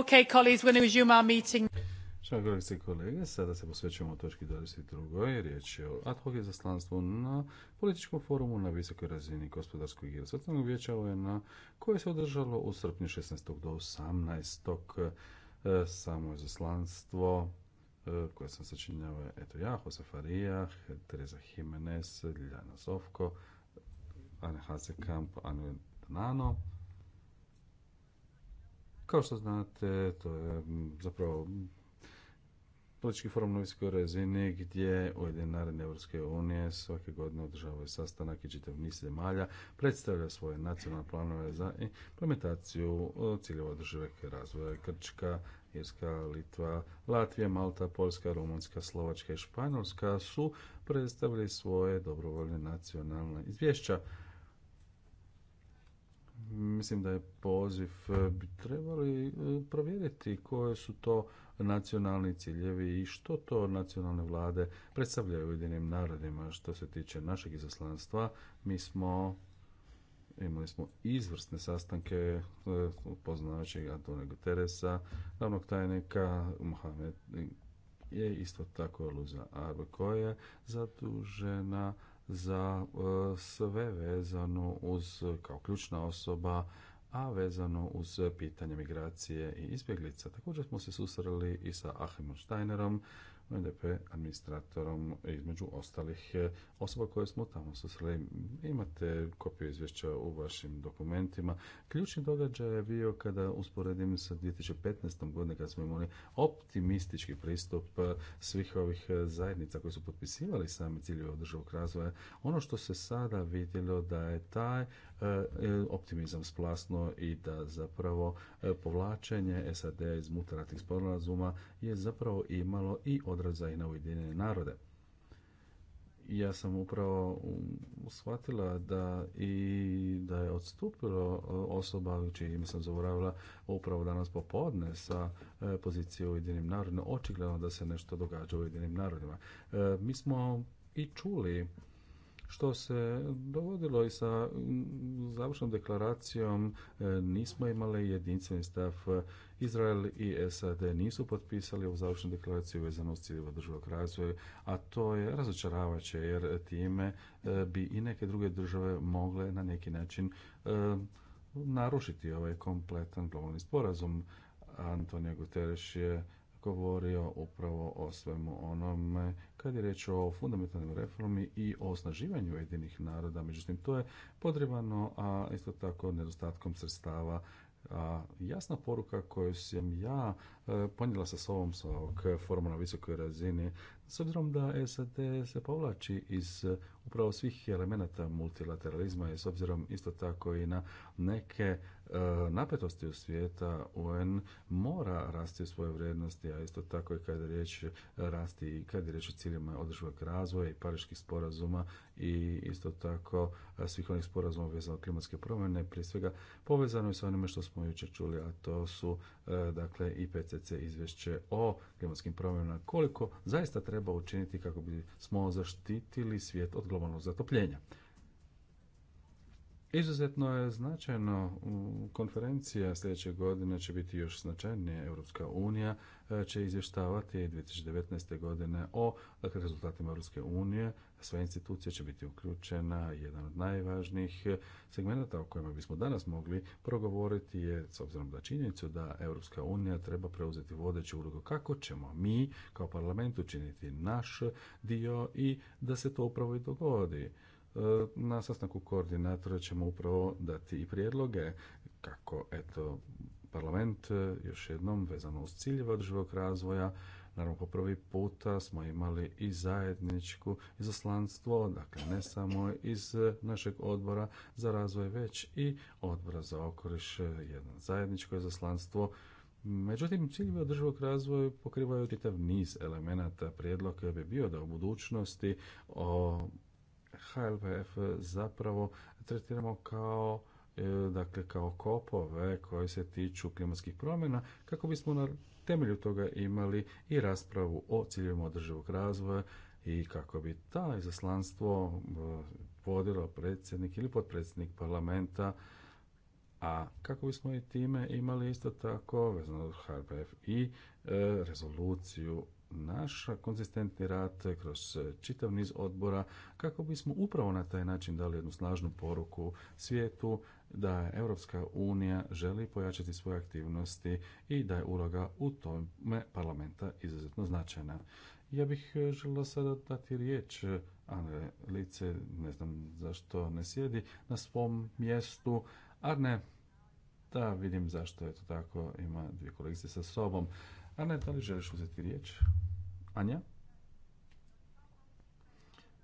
Okay, colleagues, we're going to meeting. kolegice i kolege, sada se posvećujemo točki 22. Riječ je o ad hoc izaslanstvu na političkom forumu na visokoj razini gospodarskog i socijalnog vijeća je koje se održalo u srpnju 16. do 18. E, samo izaslanstvo e, koje sam sačinjava eto ja, Jose Farija, Teresa Jimenez, Ljana Zovko, Ane Hasekamp, Anne Danano, kao što znate, to je mm, zapravo politički forum na visokoj razini gdje Ujedinjene narodne Europske unije svake godine održavaju sastanak i čitav niz zemalja predstavlja svoje nacionalne planove za implementaciju e, ciljeva održivog razvoja Krčka, Irska, Litva, Latvija, Malta, Poljska, Rumunjska, Slovačka i Španjolska su predstavili svoje dobrovoljne nacionalne izvješća Mislim da je poziv e, bi trebali e, provjeriti koje su to nacionalni ciljevi i što to nacionalne vlade predstavljaju jedinim narodima. Što se tiče našeg izaslanstva, mi smo imali smo izvrsne sastanke e, poznavajućeg Antone Teresa, glavnog tajnika Mohamed je isto tako Luza Arbe koja je zadužena za e, sve vezano uz, kao ključna osoba, a vezano uz pitanje migracije i izbjeglica. Također smo se susreli i sa Ahimom Steinerom, UNDP administratorom između ostalih e, osoba koje smo tamo susreli. Imate kopiju izvješća u vašim dokumentima. Ključni događaj je bio kada usporedim sa 2015. godine kada smo imali optimistički pristup e, svih ovih e, zajednica koje su potpisivali sami ciljeve održivog razvoja. Ono što se sada vidjelo da je taj E, e, optimizam splasno i da zapravo e, povlačenje sad iz multilateralnih sporazuma je zapravo imalo i odraza i na Ujedinjene narode ja sam upravo shvatila da i da je odstupilo osoba u čiji ime sam zaboravila upravo danas popodne sa pozicije u Jedinim narodima. Očigledno da se nešto događa u Jedinim narodima. Mi smo i čuli što se dogodilo i sa završnom deklaracijom e, nismo imali jedinstveni stav Izrael i SAD nisu potpisali ovu završnu deklaraciju vezano uz ciljeva državnog razvoja, a to je razočaravajuće jer time e, bi i neke druge države mogle na neki način e, narušiti ovaj kompletan globalni sporazum. Antonio Guterres je govorio upravo o svemu onome kad je riječ o fundamentalnim reformi i o osnaživanju jedinih naroda. Međutim, to je podrivano, a isto tako nedostatkom sredstava a jasna poruka koju sam ja e, ponijela sa sobom sa ovog na visokoj razini s obzirom da e SAD se povlači iz eh, upravo svih elemenata multilateralizma i s obzirom isto tako i na neke eh, napetosti u svijeta UN mora rasti u svojoj vrijednosti, a isto tako i kada je riječ eh, rasti i kada je riječ o ciljima održivog razvoja i pariških sporazuma i isto tako svih onih sporazuma vezano klimatske promjene, prije svega povezano i sa onime što smo jučer čuli, a to su dakle IPCC izvješće o klimatskim promjenama, koliko zaista treba treba učiniti kako bismo zaštitili svijet od globalnog zatopljenja. Izuzetno je značajno, konferencija sljedeće godine će biti još značajnije. Europska unija e, će izvještavati 2019. godine o dakle, rezultatima Europske unije. Sve institucije će biti uključena. Jedan od najvažnijih e, segmenata o kojima bismo danas mogli progovoriti je, s obzirom na činjenicu da Europska unija treba preuzeti vodeću ulogu, kako ćemo mi kao parlament učiniti naš dio i da se to upravo i dogodi. Na sastanku koordinatora ćemo upravo dati i prijedloge kako eto parlament e, još jednom vezano uz ciljeve održivog razvoja Naravno, po prvi puta smo imali i zajedničku izaslanstvo, dakle ne samo iz našeg odbora za razvoj, već i odbora za okoliš, e, jedno zajedničko izaslanstvo. Međutim, ciljevi održivog razvoja pokrivaju čitav niz elemenata. Prijedlog bi bio da u budućnosti o HLBF zapravo tretiramo kao e, dakle kao kopove koje se tiču klimatskih promjena kako bismo na temelju toga imali i raspravu o ciljevima održivog razvoja i kako bi ta izaslanstvo e, vodilo predsjednik ili potpredsjednik parlamenta a kako bismo i time imali isto tako vezano HRBF i e, rezoluciju naš konzistentni rad kroz čitav niz odbora kako bismo upravo na taj način dali jednu snažnu poruku svijetu da Europska unija želi pojačati svoje aktivnosti i da je uloga u tome parlamenta izuzetno značajna. Ja bih želila sada dati riječ Arne Lice, ne znam zašto ne sjedi na svom mjestu. Arne, da vidim zašto je to tako, ima dvije kolegice sa sobom. Ana, da li želiš uzeti riječ? Anja?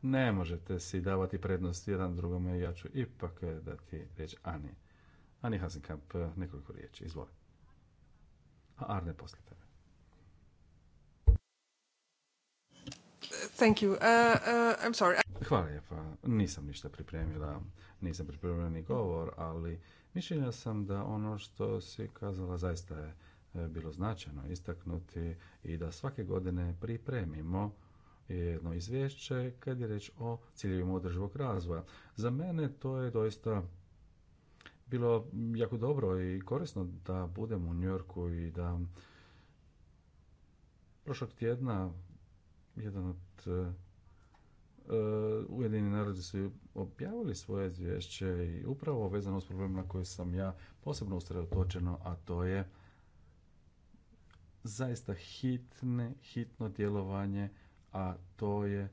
Ne možete si davati prednost jedan drugome, ja ću ipak eh, dati riječ Ani. Ani Hasenkamp, eh, nekoliko riječi, izvoli. A Arne poslije tebe. Uh, uh, Hvala lijepa. Nisam ništa pripremila, nisam pripremila ni govor, ali mišljenja sam da ono što si kazala zaista je E, bilo značajno istaknuti i da svake godine pripremimo jedno izvješće kad je reč o ciljevima održivog razvoja. Za mene to je doista bilo jako dobro i korisno da budem u Njorku i da prošlog tjedna jedan od Uh, e, e, Ujedini narodi su objavili svoje izvješće i upravo vezano s problemima na koji sam ja posebno usredotočeno, a to je zaista hitne, hitno djelovanje, a to je e,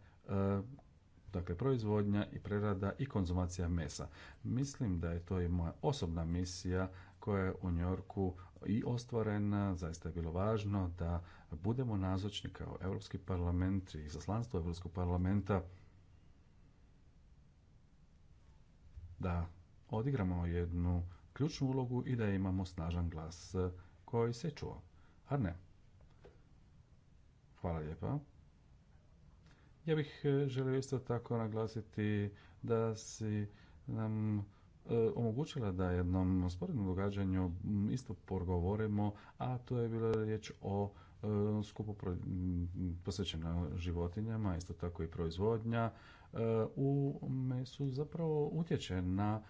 dakle proizvodnja i prerada i konzumacija mesa. Mislim da je to i moja osobna misija koja je u Njorku i ostvarena, zaista je bilo važno da budemo nazočni kao Europski parlament i zaslanstvo Europskog parlamenta da odigramo jednu ključnu ulogu i da imamo snažan glas e, koji se čuo. A ne. Hvala lijepa. Ja bih e, želio isto tako naglasiti da si nam e, omogućila da jednom sporednom događanju isto porgovorimo, a to je bila riječ o e, skupu posvećena životinjama, isto tako i proizvodnja u mesu zapravo utječe na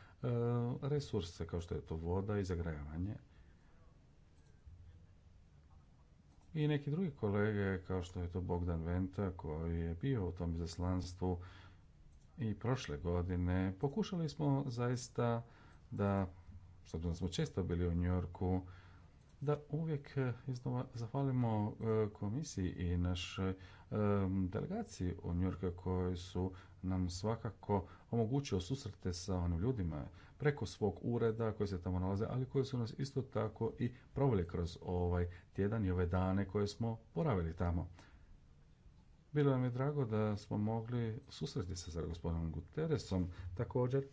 resurse kao što je to voda i zagrajavanje, i neki drugi kolege, kao što je to Bogdan Venta, koji je bio u tom izaslanstvu i prošle godine, pokušali smo zaista da, s obzirom smo često bili u Njorku, da uvijek e, iznova zahvalimo e, komisiji i našoj e, delegaciji u Yorku koji su nam svakako omogućio susrete sa onim ljudima preko svog ureda koji se tamo nalaze, ali koji su nas isto tako i proveli kroz ovaj tjedan i ove dane koje smo poravili tamo. Bilo nam je drago da smo mogli susreti se sa gospodinom Guteresom. Također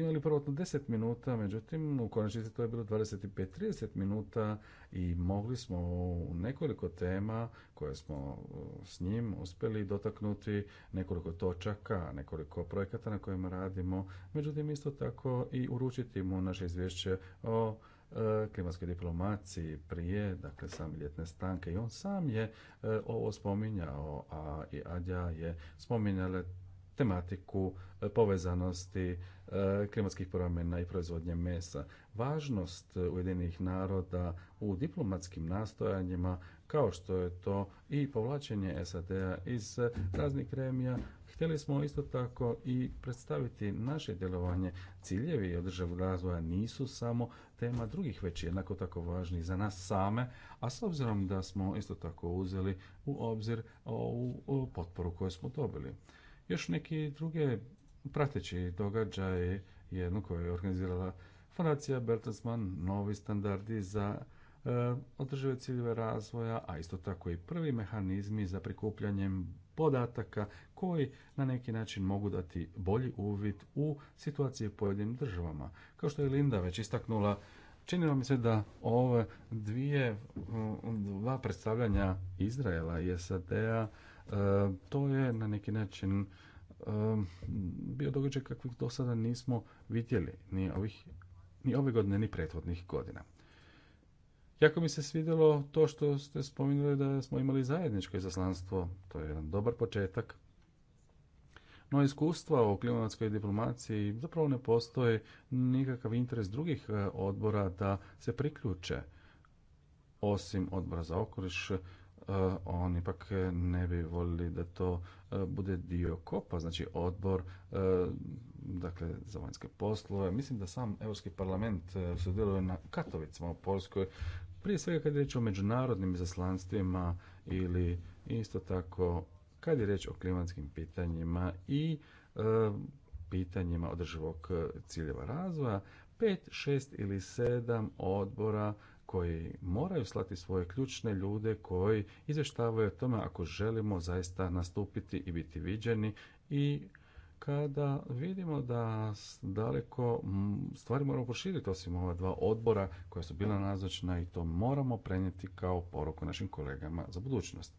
imali prvotno 10 minuta, međutim u konačnici to je bilo 25-30 minuta i mogli smo u nekoliko tema koje smo s njim uspjeli dotaknuti, nekoliko točaka, nekoliko projekata na kojima radimo, međutim isto tako i uručiti mu naše izvješće o e, klimatskoj diplomaciji prije, dakle sam ljetne stanke i on sam je e, ovo spominjao, a i Adja je spominjala tematiku e, povezanosti e, klimatskih promjena i proizvodnje mesa. Važnost e, Ujedinjenih naroda u diplomatskim nastojanjima kao što je to i povlačenje SAD-a iz raznih kremija, Htjeli smo isto tako i predstaviti naše djelovanje. Ciljevi održavog razvoja nisu samo tema drugih, već jednako tako važni za nas same, a s obzirom da smo isto tako uzeli u obzir ovu potporu koju smo dobili još neke druge prateći događaje, jednu koju je organizirala Fondacija Bertelsmann, novi standardi za e, održive ciljeve razvoja, a isto tako i prvi mehanizmi za prikupljanje podataka koji na neki način mogu dati bolji uvid u situacije u pojedinim državama. Kao što je Linda već istaknula, Čini mi se da ove dvije, dva predstavljanja Izraela i SAD-a E, to je na neki način e, bio događaj kakvih do sada nismo vidjeli ni, ovih, ni ove godine, ni prethodnih godina. Jako mi se svidjelo to što ste spominjali da smo imali zajedničko izaslanstvo, to je jedan dobar početak. No iskustva o klimatskoj diplomaciji zapravo ne postoji nikakav interes drugih e, odbora da se priključe osim odbora za okoliš Eh, on ipak eh, ne bi voljeli da to eh, bude dio kopa, znači odbor dakle, za vanjske poslove. Mislim da sam Europski parlament sudjeluje na Katovicama u Poljskoj. prije svega kad je riječ o međunarodnim zaslanstvima ili isto tako kad je riječ o klimatskim pitanjima i pitanjima održivog ciljeva razvoja, pet, šest ili sedam odbora koji moraju slati svoje ključne ljude koji izvještavaju o tome ako želimo zaista nastupiti i biti viđeni i kada vidimo da daleko stvari moramo proširiti osim ova dva odbora koja su bila nazočna i to moramo prenijeti kao poruku našim kolegama za budućnost.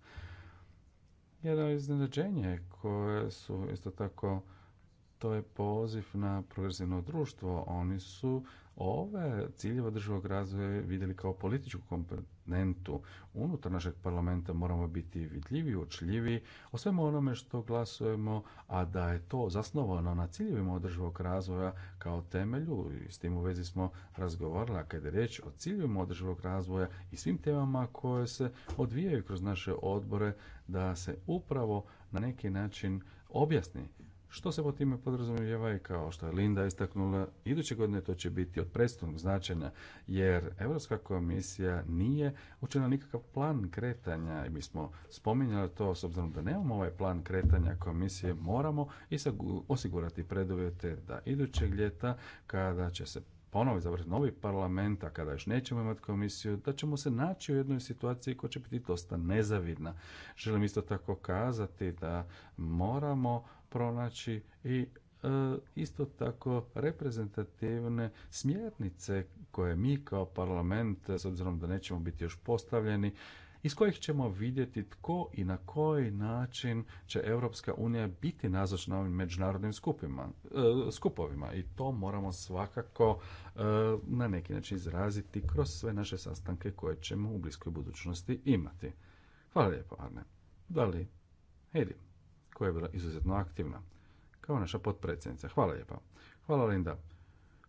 Jedno iznenađenje koje su isto tako to je poziv na progresivno društvo. Oni su ove ciljeve održivog razvoja vidjeli kao političku komponentu. Unutar našeg parlamenta moramo biti vidljivi, učljivi o svemu onome što glasujemo, a da je to zasnovano na ciljevima održivog razvoja kao temelju. I s tim u vezi smo razgovarali, kada je riječ o ciljevima održivog razvoja i svim temama koje se odvijaju kroz naše odbore, da se upravo na neki način objasni što se po time podrazumijeva i kao što je Linda istaknula, iduće godine to će biti od predstavnog značenja, jer Europska komisija nije učinila nikakav plan kretanja i mi smo spominjali to s obzirom da nemamo ovaj plan kretanja komisije, moramo i osigurati preduvjete da idućeg ljeta kada će se ponovo izabrati novi parlament, a kada još nećemo imati komisiju, da ćemo se naći u jednoj situaciji koja će biti dosta nezavidna. Želim isto tako kazati da moramo pronaći i e, isto tako reprezentativne smjernice koje mi kao parlament, s obzirom da nećemo biti još postavljeni, iz kojih ćemo vidjeti tko i na koji način će Europska unija biti nazočna ovim međunarodnim skupima, e, skupovima i to moramo svakako e, na neki način izraziti kroz sve naše sastanke koje ćemo u bliskoj budućnosti imati. Hvala lijepo, Arne. Da li Heidi, koja je bila izuzetno aktivna, kao naša potpredsjednica. Hvala lijepa. Hvala, Linda.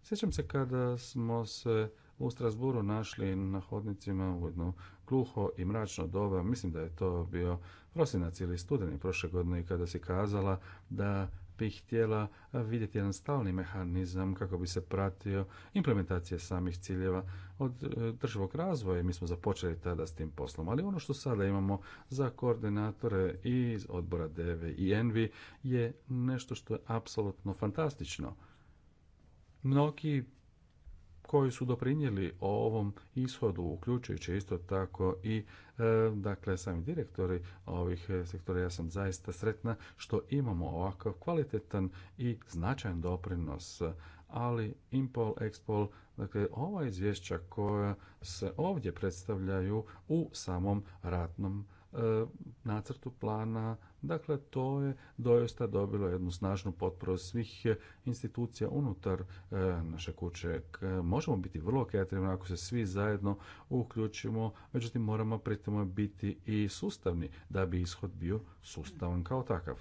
Sjećam se kada smo se u Strasburu našli na hodnicima u jednu gluho i mračno doba, mislim da je to bio prosinac ili studeni prošle godine kada si kazala da bi htjela vidjeti jedan stalni mehanizam kako bi se pratio implementacija samih ciljeva od e, državog razvoja. Mi smo započeli tada s tim poslom, ali ono što sada imamo za koordinatore iz odbora DV i ENVI je nešto što je apsolutno fantastično. Mnogi koji su doprinijeli ovom ishodu, uključujući isto tako i e, dakle sami direktori ovih e, sektora. Ja sam zaista sretna što imamo ovakav kvalitetan i značajan doprinos ali Impol, Expol, dakle ova izvješća koja se ovdje predstavljaju u samom ratnom E, nacrtu plana. Dakle, to je doista dobilo jednu snažnu potporu svih institucija unutar e, naše kuće. Možemo biti vrlo kreativni ako se svi zajedno uključimo, međutim moramo pritom biti i sustavni da bi ishod bio sustavan kao takav.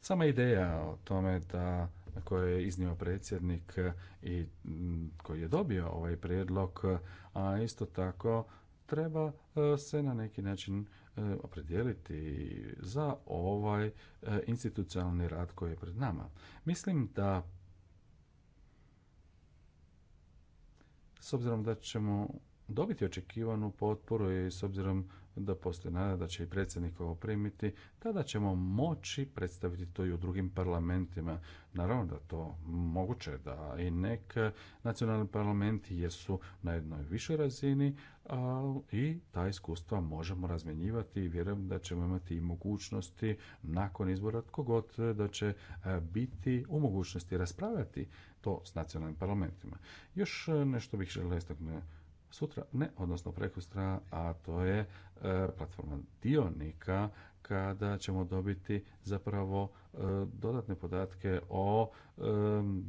Sama ideja o tome da koje je iznio predsjednik i koji je dobio ovaj prijedlog, a isto tako treba e, se na neki način e, opredijeliti za ovaj e, institucionalni rad koji je pred nama. Mislim da s obzirom da ćemo dobiti očekivanu potporu i s obzirom da postoji nada da će i predsjednik ovo primiti, tada ćemo moći predstaviti to i u drugim parlamentima. Naravno da to moguće da i nek nacionalni parlamenti jesu na jednoj višoj razini i ta iskustva možemo razmjenjivati i vjerujem da ćemo imati i mogućnosti nakon izbora tko god e, da će e, biti u mogućnosti raspravljati to s nacionalnim parlamentima. Još e, nešto bih želio istaknuti sutra, ne, odnosno prekustra, a to je E, platforma dionika kada ćemo dobiti zapravo e, dodatne podatke o e,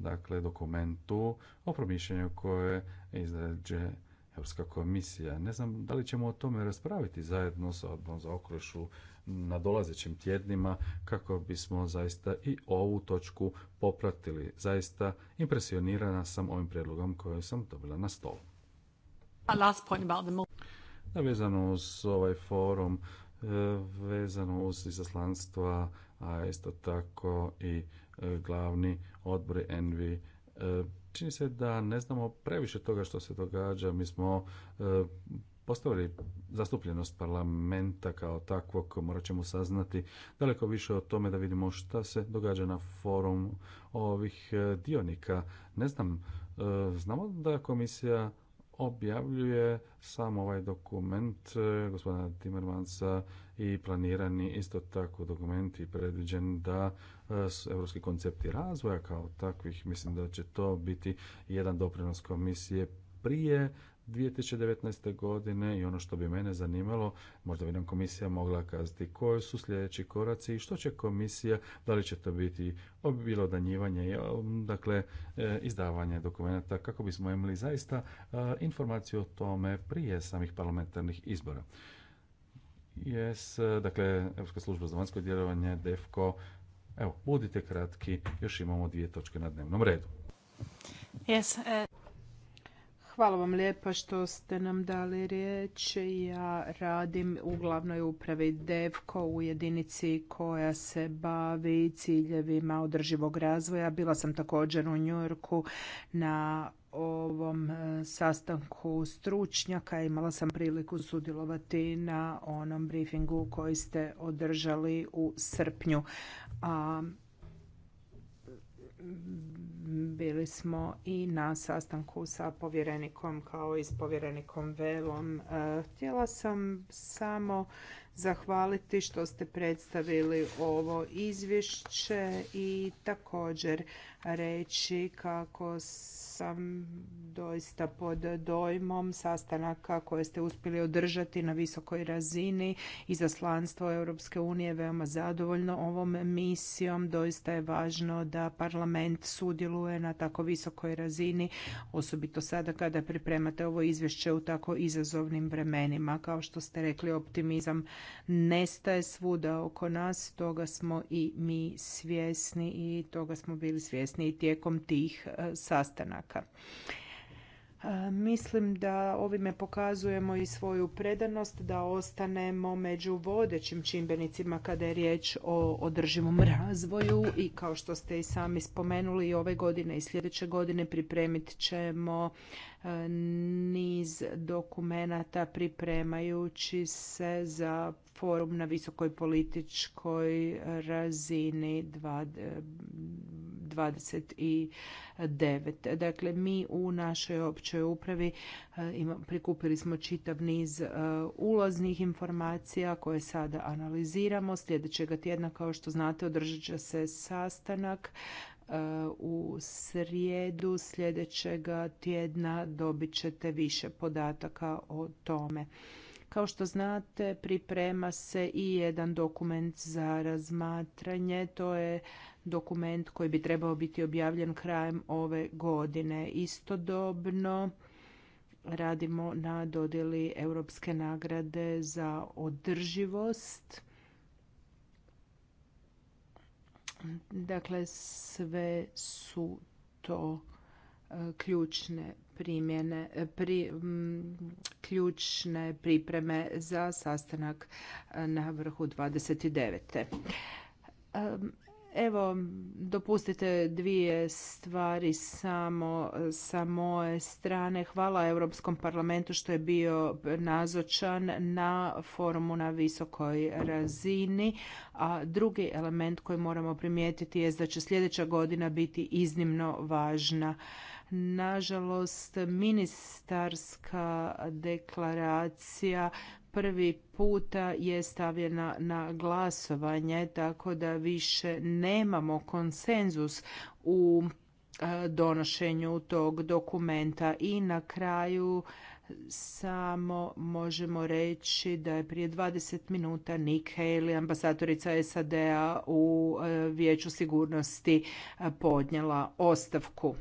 dakle, dokumentu o promišljanju koje izrađuje Europska komisija. Ne znam da li ćemo o tome raspraviti zajedno sa odborom za okrešu na dolazećim tjednima kako bismo zaista i ovu točku popratili. Zaista impresionirana sam ovim prijedlogom koji sam dobila na stolu vezano uz ovaj forum, e, vezano uz izaslanstva, a isto tako i e, glavni odbor Envi. Čini se da ne znamo previše toga što se događa. Mi smo e, postavili zastupljenost parlamenta kao takvog, morat ćemo saznati daleko više o tome da vidimo šta se događa na forum ovih dionika. Ne znam, znamo da komisija objavljuje sam ovaj dokument e, gospodina Timmermansa i planirani isto tako dokument i predviđen da europski koncepti razvoja kao takvih, mislim da će to biti jedan doprinos komisije prije 2019. godine i ono što bi mene zanimalo, možda bi nam komisija mogla kazati koji su sljedeći koraci i što će komisija, da li će to biti bilo danjivanje, e, dakle e, izdavanje dokumenta kako bismo imali zaista e, informaciju o tome prije samih parlamentarnih izbora. Jes, dakle, Europska služba za vanjsko djelovanje, DEFCO, evo, budite kratki, još imamo dvije točke na dnevnom redu. Yes, Hvala vam lijepa što ste nam dali riječ. Ja radim u glavnoj upravi DEVKO u jedinici koja se bavi ciljevima održivog razvoja. Bila sam također u Njujorku na ovom e, sastanku stručnjaka. Imala sam priliku sudjelovati na onom briefingu koji ste održali u srpnju. A bili smo i na sastanku sa povjerenikom kao i s povjerenikom Velom. E, htjela sam samo zahvaliti što ste predstavili ovo izvješće i također reći kako sam doista pod dojmom sastanaka koje ste uspjeli održati na visokoj razini. Izaslanstvo Europske unije veoma zadovoljno ovom misijom. Doista je važno da parlament sudjeluje na tako visokoj razini, osobito sada kada pripremate ovo izvješće u tako izazovnim vremenima. Kao što ste rekli, optimizam nestaje svuda oko nas, toga smo i mi svjesni i toga smo bili svjesni i tijekom tih e, sastanaka E, mislim da ovime pokazujemo i svoju predanost da ostanemo među vodećim čimbenicima kada je riječ o održivom razvoju i kao što ste i sami spomenuli i ove godine i sljedeće godine pripremit ćemo E, niz dokumenata pripremajući se za forum na visokoj političkoj razini 29. E, dakle, mi u našoj općoj upravi e, prikupili smo čitav niz ulaznih informacija koje sada analiziramo. Sljedećega tjedna, kao što znate, održat će se sastanak u srijedu sljedećega tjedna dobit ćete više podataka o tome. Kao što znate, priprema se i jedan dokument za razmatranje. To je dokument koji bi trebao biti objavljen krajem ove godine. Istodobno radimo na dodjeli Europske nagrade za održivost Dakle, sve su to e, ključne primjene, e, pri, ključne pripreme za sastanak e, na vrhu 29. Um, Evo, dopustite dvije stvari samo sa moje strane. Hvala Europskom parlamentu što je bio nazočan na forumu na visokoj razini. A drugi element koji moramo primijetiti je da će sljedeća godina biti iznimno važna. Nažalost, ministarska deklaracija prvi puta je stavljena na glasovanje, tako da više nemamo konsenzus u e, donošenju tog dokumenta. I na kraju samo možemo reći da je prije 20 minuta Nick Haley, ambasadorica SAD-a u e, Vijeću sigurnosti, e, podnijela ostavku.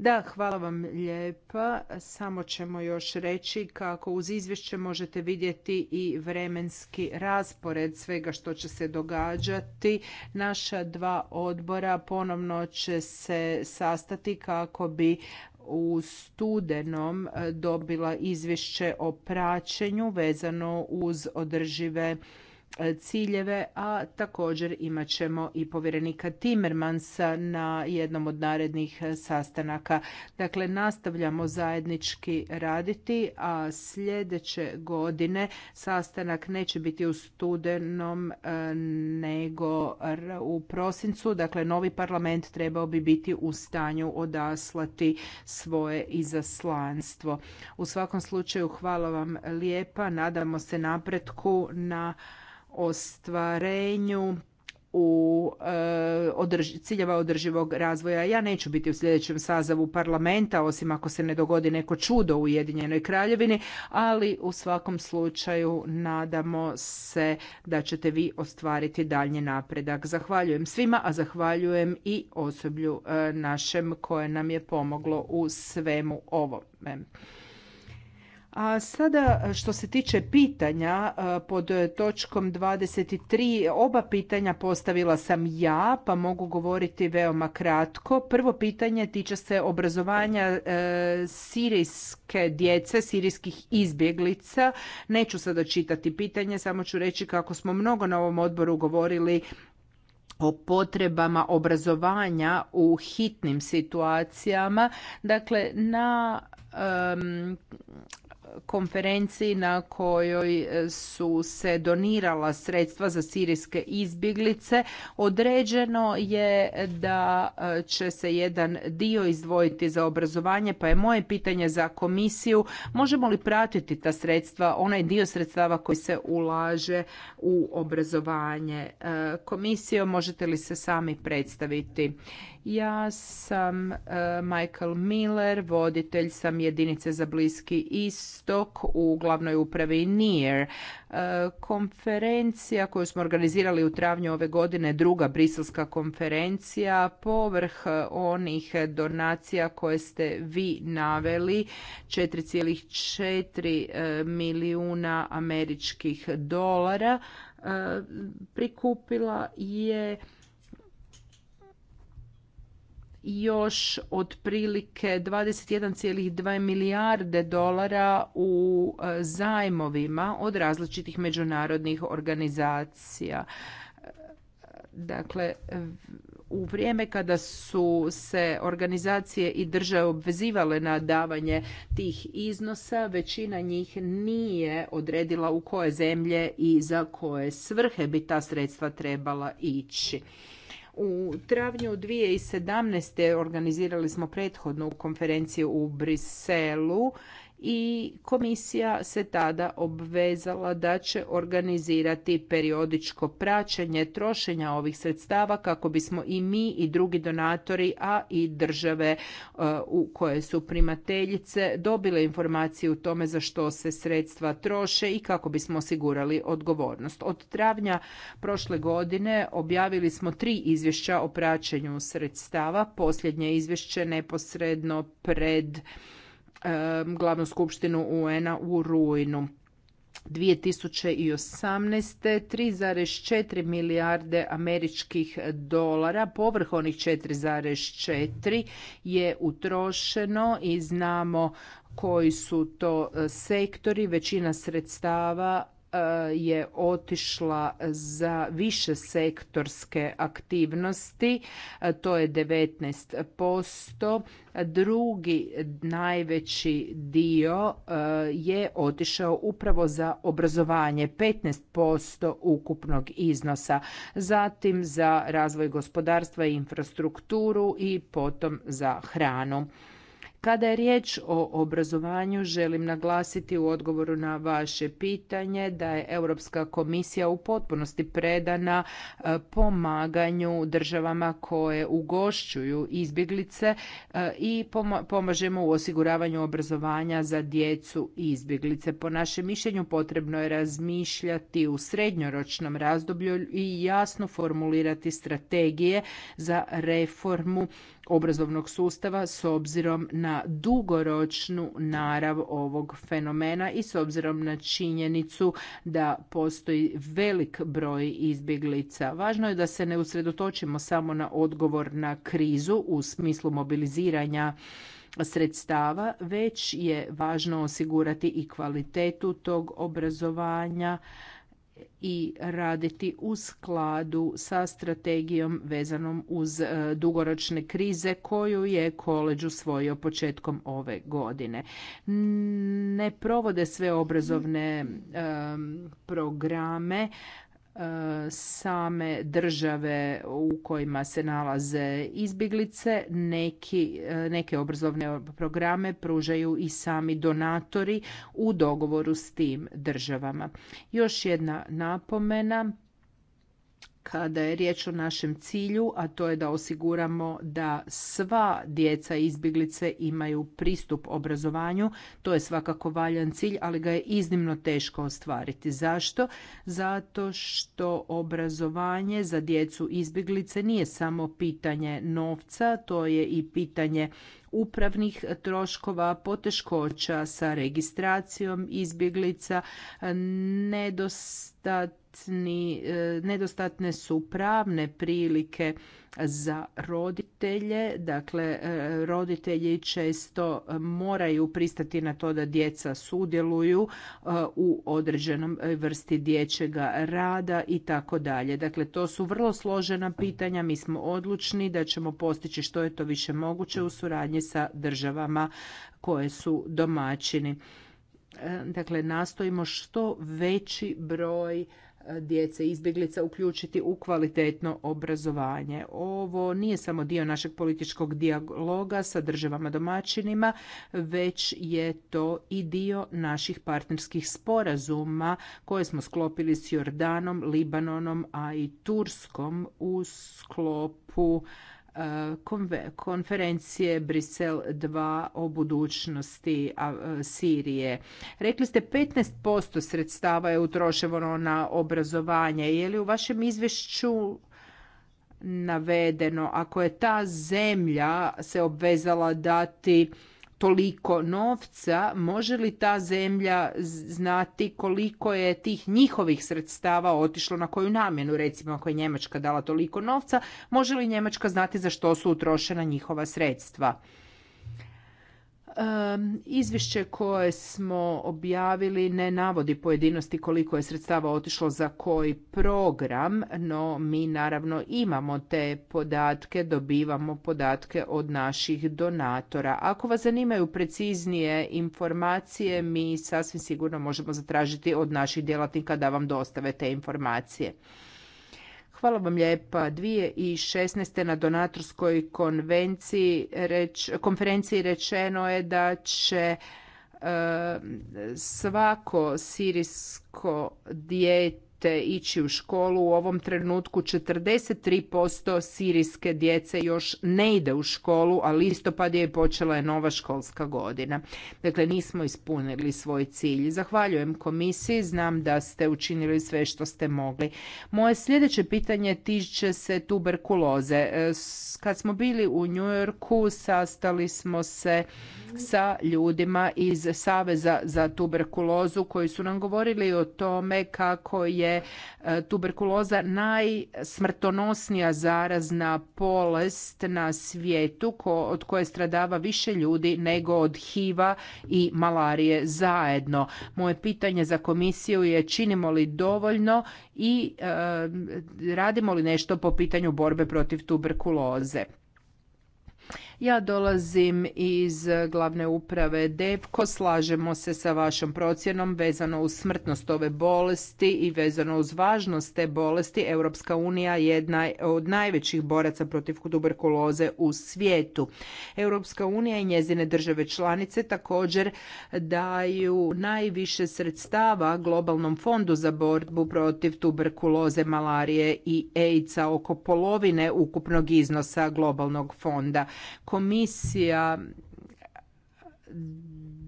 Da, hvala vam lijepa. Samo ćemo još reći kako uz izvješće možete vidjeti i vremenski raspored svega što će se događati. Naša dva odbora ponovno će se sastati kako bi u studenom dobila izvješće o praćenju vezano uz održive E, ciljeve, a također imat ćemo i povjerenika Timmermansa na jednom od narednih e, sastanaka. Dakle, nastavljamo zajednički raditi, a sljedeće godine sastanak neće biti u studenom e, nego u prosincu. Dakle, novi parlament trebao bi biti u stanju odaslati svoje izaslanstvo. U svakom slučaju hvala vam lijepa. Nadamo se napretku na ostvarenju u e, ciljeva održivog razvoja. Ja neću biti u sljedećem sazavu parlamenta, osim ako se ne dogodi neko čudo u Ujedinjenoj kraljevini, ali u svakom slučaju nadamo se da ćete vi ostvariti daljnji napredak. Zahvaljujem svima, a zahvaljujem i osoblju e, našem koje nam je pomoglo u svemu ovome. A sada što se tiče pitanja e, pod točkom 23, oba pitanja postavila sam ja, pa mogu govoriti veoma kratko. Prvo pitanje tiče se obrazovanja e, sirijske djece, sirijskih izbjeglica. Neću sada čitati pitanje, samo ću reći kako smo mnogo na ovom odboru govorili o potrebama obrazovanja u hitnim situacijama. Dakle, na konferenciji na kojoj su se donirala sredstva za sirijske izbjeglice određeno je da e, će se jedan dio izdvojiti za obrazovanje pa je moje pitanje za komisiju možemo li pratiti ta sredstva onaj dio sredstava koji se ulaže u obrazovanje e, komisijo možete li se sami predstaviti ja sam e, Michael Miller, voditelj sam jedinice za Bliski istok u glavnoj upravi NIR. E, konferencija koju smo organizirali u travnju ove godine, druga briselska konferencija, povrh e, onih donacija koje ste vi naveli, 4,4 milijuna američkih dolara, prikupila je još otprilike 21,2 milijarde dolara u e, zajmovima od različitih međunarodnih organizacija. Dakle, u vrijeme kada su se organizacije i države obvezivale na davanje tih iznosa, većina njih nije odredila u koje zemlje i za koje svrhe bi ta sredstva trebala ići. U travnju 2017. organizirali smo prethodnu konferenciju u Briselu i komisija se tada obvezala da će organizirati periodičko praćenje trošenja ovih sredstava kako bismo i mi i drugi donatori, a i države e, u koje su primateljice dobile informacije o tome za što se sredstva troše i kako bismo osigurali odgovornost. Od travnja prošle godine objavili smo tri izvješća o praćenju sredstava. Posljednje izvješće neposredno pred glavnu skupštinu UN-a u rujnu. 2018. 3,4 milijarde američkih dolara, povrh onih 4,4 je utrošeno i znamo koji su to eh, sektori, većina sredstava E, je otišla za više sektorske aktivnosti, e, to je 19%. Drugi najveći dio e, je otišao upravo za obrazovanje, 15% ukupnog iznosa, zatim za razvoj gospodarstva i infrastrukturu i potom za hranu. Kada je riječ o obrazovanju, želim naglasiti u odgovoru na vaše pitanje da je Europska komisija u potpunosti predana e, pomaganju državama koje ugošćuju izbjeglice e, i pomažemo u osiguravanju obrazovanja za djecu izbjeglice. Po našem mišljenju potrebno je razmišljati u srednjoročnom razdoblju i jasno formulirati strategije za reformu obrazovnog sustava s obzirom na dugoročnu narav ovog fenomena i s obzirom na činjenicu da postoji velik broj izbjeglica. Važno je da se ne usredotočimo samo na odgovor na krizu u smislu mobiliziranja sredstava, već je važno osigurati i kvalitetu tog obrazovanja i raditi u skladu sa strategijom vezanom uz e, dugoročne krize koju je koleđ usvojio početkom ove godine. Ne provode sve obrazovne programe E, same države u kojima se nalaze izbjeglice. Neki, e, neke obrazovne programe pružaju i sami donatori u dogovoru s tim državama. Još jedna napomena kada je riječ o našem cilju, a to je da osiguramo da sva djeca izbjeglice imaju pristup obrazovanju. To je svakako valjan cilj, ali ga je iznimno teško ostvariti. Zašto? Zato što obrazovanje za djecu izbjeglice nije samo pitanje novca, to je i pitanje upravnih troškova, poteškoća sa registracijom izbjeglica, e, nedostatne su pravne prilike za roditelje. Dakle, e, roditelji često moraju pristati na to da djeca sudjeluju e, u određenom vrsti dječjega rada i tako dalje. Dakle, to su vrlo složena pitanja. Mi smo odlučni da ćemo postići što je to više moguće u suradnji sa državama koje su domaćini. E, dakle, nastojimo što veći broj djece izbjeglica uključiti u kvalitetno obrazovanje. Ovo nije samo dio našeg političkog dijaloga sa državama domaćinima, već je to i dio naših partnerskih sporazuma koje smo sklopili s Jordanom, Libanonom, a i Turskom u sklopu konferencije Brisel 2 o budućnosti e, Sirije. Rekli ste 15% sredstava je utrošeno na obrazovanje. Je li u vašem izvješću navedeno ako je ta zemlja se obvezala dati toliko novca, može li ta zemlja znati koliko je tih njihovih sredstava otišlo na koju namjenu? Recimo ako je Njemačka dala toliko novca, može li Njemačka znati za što su utrošena njihova sredstva? Izvješće koje smo objavili ne navodi pojedinosti koliko je sredstava otišlo za koji program, no mi naravno imamo te podatke, dobivamo podatke od naših donatora. Ako vas zanimaju preciznije informacije, mi sasvim sigurno možemo zatražiti od naših djelatnika da vam dostave te informacije. Hvala vam lijepa. 2016. na donatorskoj konferenciji rečeno je da će e, svako sirijsko dijete te ići u školu. U ovom trenutku 43% sirijske djece još ne ide u školu, a listopad je počela je nova školska godina. Dakle, nismo ispunili svoj cilj. Zahvaljujem komisiji, znam da ste učinili sve što ste mogli. Moje sljedeće pitanje tiče se tuberkuloze. E, kad smo bili u New Yorku, sastali smo se sa ljudima iz Saveza za tuberkulozu koji su nam govorili o tome kako je je e, tuberkuloza najsmrtonosnija zarazna bolest na svijetu od koje stradava više ljudi nego od HIV-a i malarije zajedno. Moje pitanje za komisiju je činimo li dovoljno i e, radimo li nešto po pitanju borbe protiv tuberkuloze. Ja dolazim iz glavne uprave DEVKO. slažemo se sa vašom procjenom vezano uz smrtnost ove bolesti i vezano uz važnost te bolesti. Europska unija je jedna od najvećih boraca protiv tuberkuloze u svijetu. Europska unija i njezine države članice također daju najviše sredstava globalnom fondu za borbu protiv tuberkuloze, malarije i AIDS-a, oko polovine ukupnog iznosa globalnog fonda komisija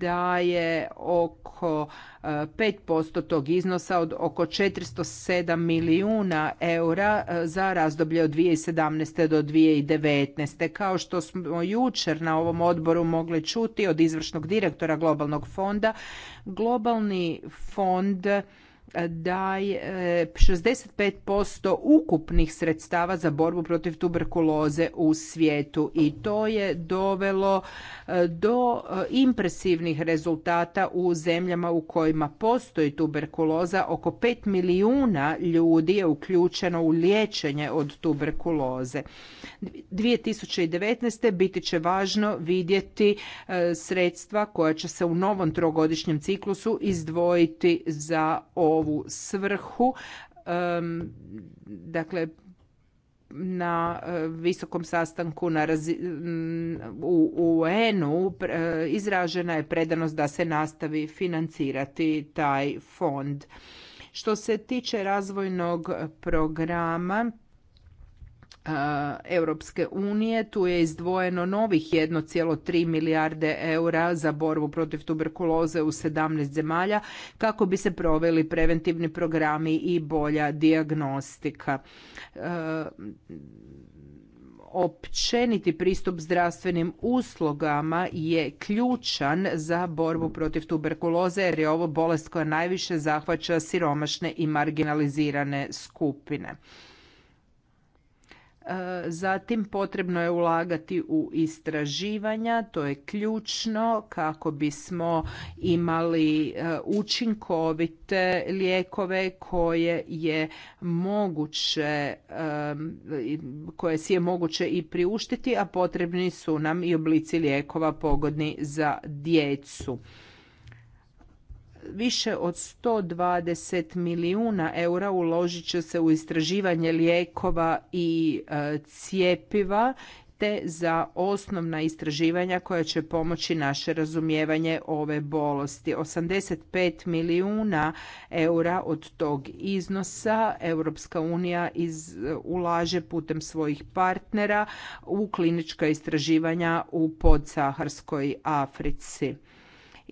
daje oko 5% e, tog iznosa od oko 407 milijuna eura e, za razdoblje od 2017. do 2019. Kao što smo jučer na ovom odboru mogli čuti od izvršnog direktora Globalnog fonda, Globalni fond da je 65% ukupnih sredstava za borbu protiv tuberkuloze u svijetu i to je dovelo eh, do eh, impresivnih rezultata u zemljama u kojima postoji tuberkuloza. Oko 5 milijuna ljudi je uključeno u liječenje od tuberkuloze. 2019. biti će važno vidjeti eh, sredstva koja će se u novom trogodišnjem ciklusu izdvojiti za ovu ovu svrhu dakle na e, visokom sastanku na u UN-u e, izražena je predanost da se nastavi financirati taj fond. Što se tiče razvojnog programa Europske unije. Tu je izdvojeno novih 1,3 milijarde eura za borbu protiv tuberkuloze u 17 zemalja kako bi se proveli preventivni programi i bolja dijagnostika. Općeniti pristup zdravstvenim uslugama je ključan za borbu protiv tuberkuloze jer je ovo bolest koja najviše zahvaća siromašne i marginalizirane skupine. Zatim potrebno je ulagati u istraživanja, to je ključno kako bismo imali e, učinkovite lijekove koje je moguće e, koje si je moguće i priuštiti, a potrebni su nam i oblici lijekova pogodni za djecu više od 120 milijuna eura uložit će se u istraživanje lijekova i e, cijepiva te za osnovna istraživanja koja će pomoći naše razumijevanje ove bolesti. 85 milijuna eura od tog iznosa Europska unija iz, e, ulaže putem svojih partnera u klinička istraživanja u podsaharskoj Africi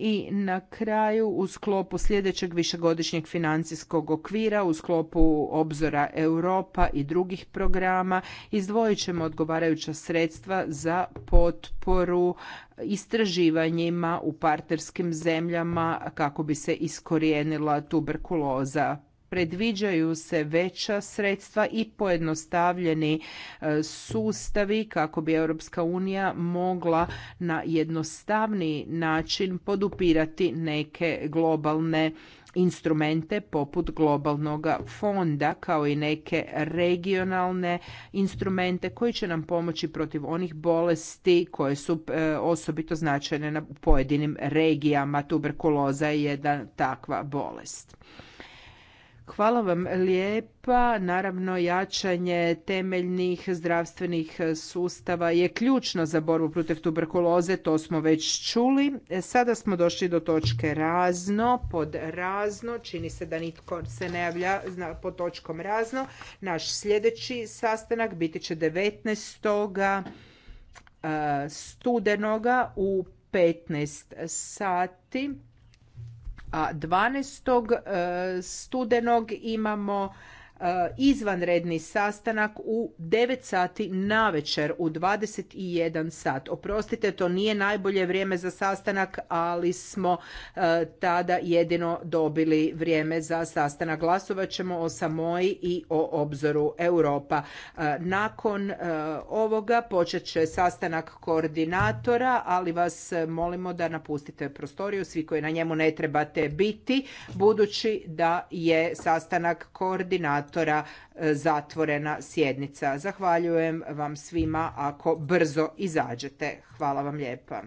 i na kraju u sklopu sljedećeg višegodišnjeg financijskog okvira, u sklopu obzora Europa i drugih programa izdvojit ćemo odgovarajuća sredstva za potporu istraživanjima u partnerskim zemljama kako bi se iskorijenila tuberkuloza predviđaju se veća sredstva i pojednostavljeni e, sustavi kako bi Europska unija mogla na jednostavniji način podupirati neke globalne instrumente poput globalnog fonda kao i neke regionalne instrumente koji će nam pomoći protiv onih bolesti koje su e, osobito značajne na pojedinim regijama. Tuberkuloza je jedna takva bolest. Hvala vam lijepa. Naravno, jačanje temeljnih zdravstvenih sustava je ključno za borbu protiv tuberkuloze, to smo već čuli. E, sada smo došli do točke razno, pod razno. Čini se da nitko se ne javlja pod točkom razno. Naš sljedeći sastanak biti će 19. E, studenoga u 15 sati a 12. E, studenog imamo E, izvanredni sastanak u 9 sati na večer, u 21 sat. Oprostite, to nije najbolje vrijeme za sastanak, ali smo e, tada jedino dobili vrijeme za sastanak. Glasovat ćemo o Samoji i o obzoru Europa. E, nakon ovoga počet će sastanak koordinatora, ali vas molimo da napustite prostoriju, svi koji na njemu ne trebate biti, budući da je sastanak koordinatora koordinatora e, zatvorena sjednica. Zahvaljujem vam svima ako brzo izađete. Hvala vam lijepa.